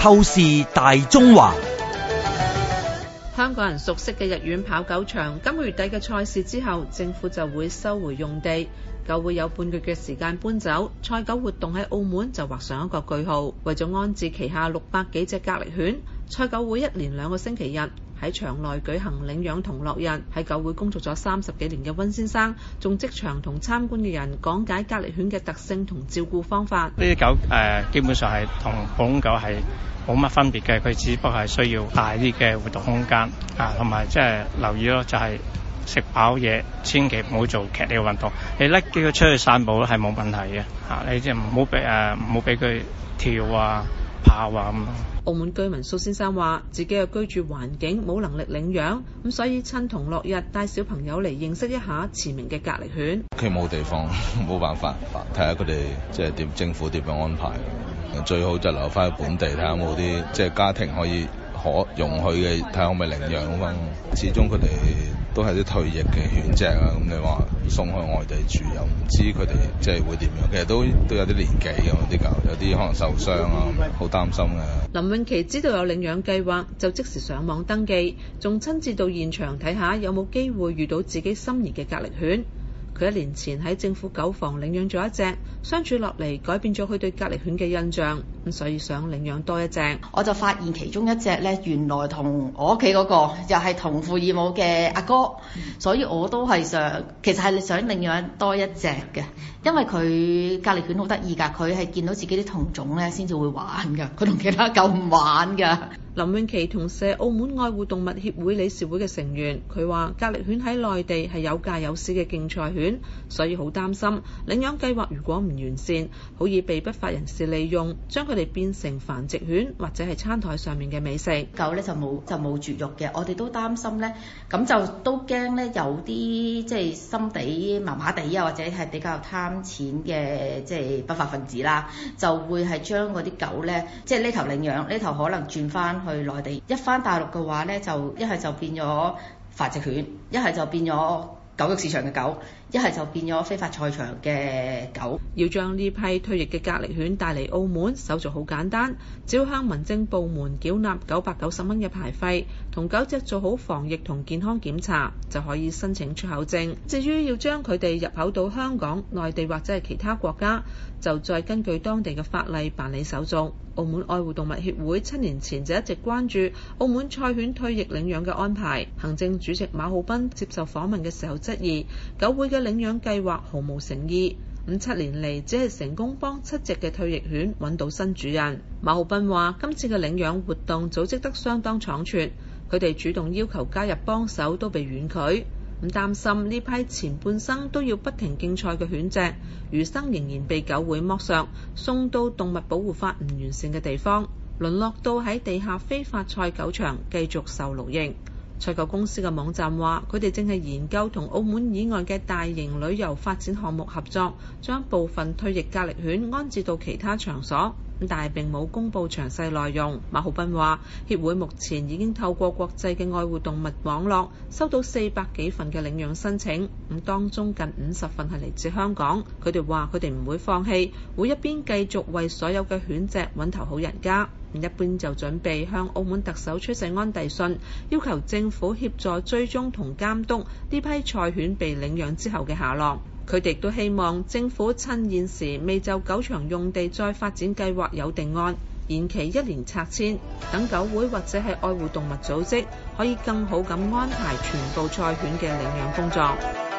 透視大中華，香港人熟悉嘅日苑跑狗場，今個月底嘅賽事之後，政府就會收回用地，狗會有半個月嘅時間搬走，賽狗活動喺澳門就畫上一個句號。為咗安置旗下六百幾隻格力犬，賽狗會一連兩個星期日，喺場內舉行領養同樂日，喺狗會工作咗三十幾年嘅温先生，仲即場同參觀嘅人講解格力犬嘅特性同照顧方法。呢啲狗誒、呃，基本上係同普通狗係冇乜分別嘅，佢只不過係需要大啲嘅活動空間啊，同埋即係留意咯，就係、是、食飽嘢，千祈唔好做劇烈運動。你甩幾佢出去散步咧，係冇問題嘅嚇、啊。你即係唔好俾誒，唔好俾佢跳啊！怕話澳門居民蘇先生話自己嘅居住環境冇能力領養，咁所以趁同樂日帶小朋友嚟認識一下馳名嘅格力犬。屋企冇地方，冇辦法，睇下佢哋即係點政府點樣安排。最好就留翻喺本地，睇下有冇啲即係家庭可以。可容許嘅，睇下可唔可以領養咯。始終佢哋都係啲退役嘅犬隻啊，咁你話送去外地住又唔知佢哋即係會點樣。其實都都有啲年紀咁啲狗，有啲可能受傷啊，好擔心啊。林詠琪知道有領養計劃，就即時上網登記，仲親自到現場睇下有冇機會遇到自己心儀嘅格力犬。佢一年前喺政府狗房領養咗一隻，相處落嚟改變咗佢對格力犬嘅印象。所以想領養多一隻，我就發現其中一隻咧，原來同我屋企嗰個又係同父異母嘅阿哥，哥，所以我都係想，其實係想領養多一隻嘅，因為佢格力犬好得意㗎，佢係見到自己啲同種咧先至會玩㗎，佢同其他狗唔玩㗎。林永琪同社，澳門愛護動物協會理事會嘅成員，佢話：格力犬喺內地係有價有市嘅競賽犬，所以好擔心領養計劃如果唔完善，可以被不法人士利用，將佢。哋變成繁殖犬或者係餐台上面嘅美食，狗呢，就冇就冇絕育嘅。我哋都擔心呢，咁就都驚呢，有啲即係心地麻麻地啊，或者係比較貪錢嘅即係不法分子啦，就會係將嗰啲狗呢，即係呢頭領養，呢頭可能轉翻去內地。一翻大陸嘅話呢，就一係就變咗繁殖犬，一係就變咗。狗肉市場嘅狗，一係就變咗非法賽場嘅狗。要將呢批退役嘅格力犬帶嚟澳門，手續好簡單，只要向民政部門繳納九百九十蚊嘅牌費，同狗隻做好防疫同健康檢查，就可以申請出口證。至於要將佢哋入口到香港、內地或者係其他國家，就再根據當地嘅法例辦理手續。澳門愛護動物協會七年前就一直關注澳門賽犬退役領養嘅安排。行政主席馬浩斌接受訪問嘅時候質疑，狗會嘅領養計劃毫無誠意。五七年嚟只係成功幫七隻嘅退役犬搵到新主人。馬浩斌話，今次嘅領養活動組織得相當倉促，佢哋主動要求加入幫手都被婉拒。唔擔心呢批前半生都要不停競賽嘅犬隻，餘生仍然被狗會剝削，送到動物保護法唔完善嘅地方，淪落到喺地下非法賽狗場繼續受奴役。賽狗公司嘅網站話：佢哋正係研究同澳門以外嘅大型旅遊發展項目合作，將部分退役格力犬安置到其他場所。但係並冇公布詳細內容。馬浩斌話：協會目前已經透過國際嘅愛護動物網絡收到四百幾份嘅領養申請，咁當中近五十份係嚟自香港。佢哋話佢哋唔會放棄，會一邊繼續為所有嘅犬隻揾頭好人家，一邊就準備向澳門特首崔世安遞信，要求政府協助追蹤同監督呢批賽犬被領養之後嘅下落。佢哋都希望政府趁現時未就狗場用地再發展計劃有定案，延期一年拆遷，等狗會或者係愛護動物組織可以更好咁安排全部賽犬嘅領養工作。